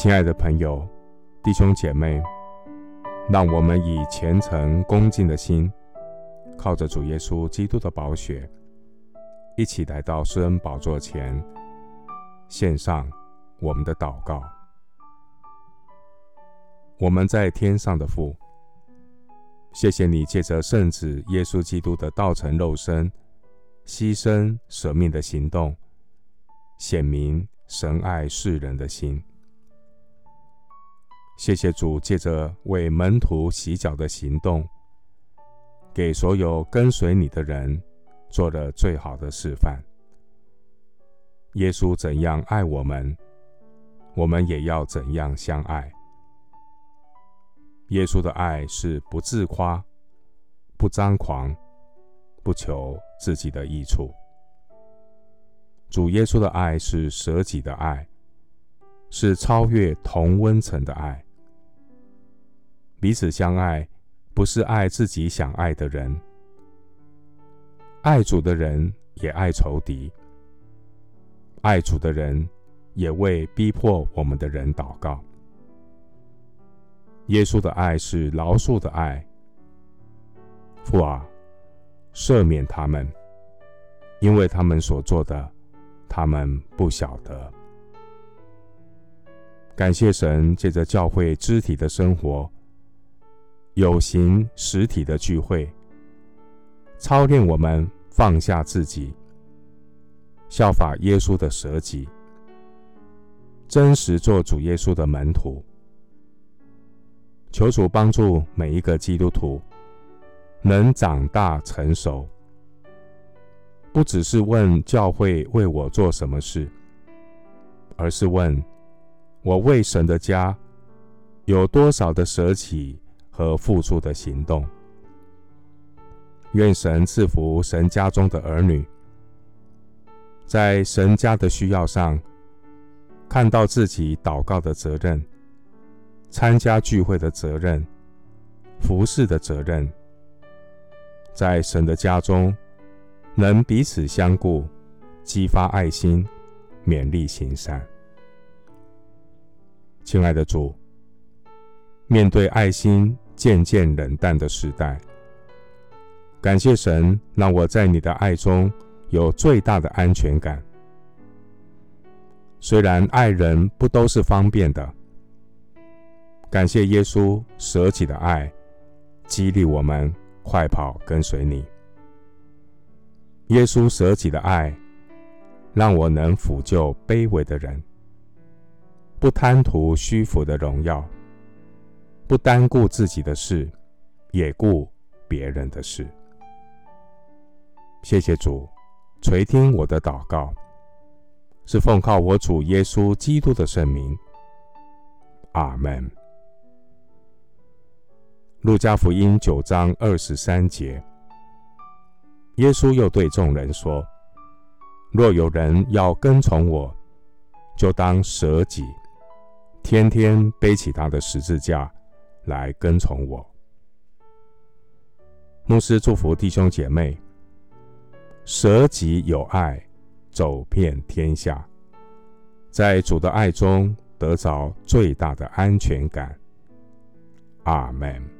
親愛的朋友、弟兄姐妹，讓我們以虔誠恭敬的心，靠着主耶穌基督的寶血，一起來到施恩寶座前，獻上我們的禱告。我們在天上的父，謝謝你借着聖子耶穌基督的道成肉身、犧牲捨命的行動，顯明神愛世人的心。謝謝主借着為門徒洗腳的行動，給所有跟隨你的人做了最好的示範。耶穌怎樣愛我們，我們也要怎樣相愛。耶穌的愛是不自誇、不張狂、不求自己的益處。主耶穌的愛是捨己的愛，是超越同溫層的愛。彼此相愛，不是愛自己想愛的人。愛主的人也愛仇敵，愛主的人也為逼迫我們的人禱告。耶穌的愛是饒恕的愛，父啊，赦免他們，因為他們所做的，他們不曉得。感謝神，借着教會肢體的生活。有形實體的聚會，操練我們放下自己，效法耶穌的捨己，真實做主耶穌的門徒。求主幫助每一個基督徒能長大成熟，不只是問教會為我做什麼事，而是問我為神的家有多少的捨己。和付出的行動，願神賜福神家中的兒女，在神家的需要上，看到自己禱告的責任、參加聚會的責任、服侍的責任，在神的家中能彼此相顧，激發愛心，勉勵行善。親愛的主，面對愛心。漸漸冷淡的時代，感謝神，讓我在你的愛中有最大的安全感。雖然愛人不都是方便的，感謝耶穌捨己的愛，激勵我們快跑跟隨你。耶穌捨己的愛，讓我能俯就卑微的人，不貪圖虛浮的榮耀。不單顧自己的事，也顧別人的事。謝謝主，垂聽我的禱告，是奉靠我主耶穌基督的聖名。阿門。路加福音九章二十三節，耶穌又對眾人說：“若有人要跟從我，就當捨己，天天背起他的十字架。”來跟從我。牧師祝福弟兄姐妹，捨己有愛，走遍天下，在主的愛中得着最大的安全感。阿門。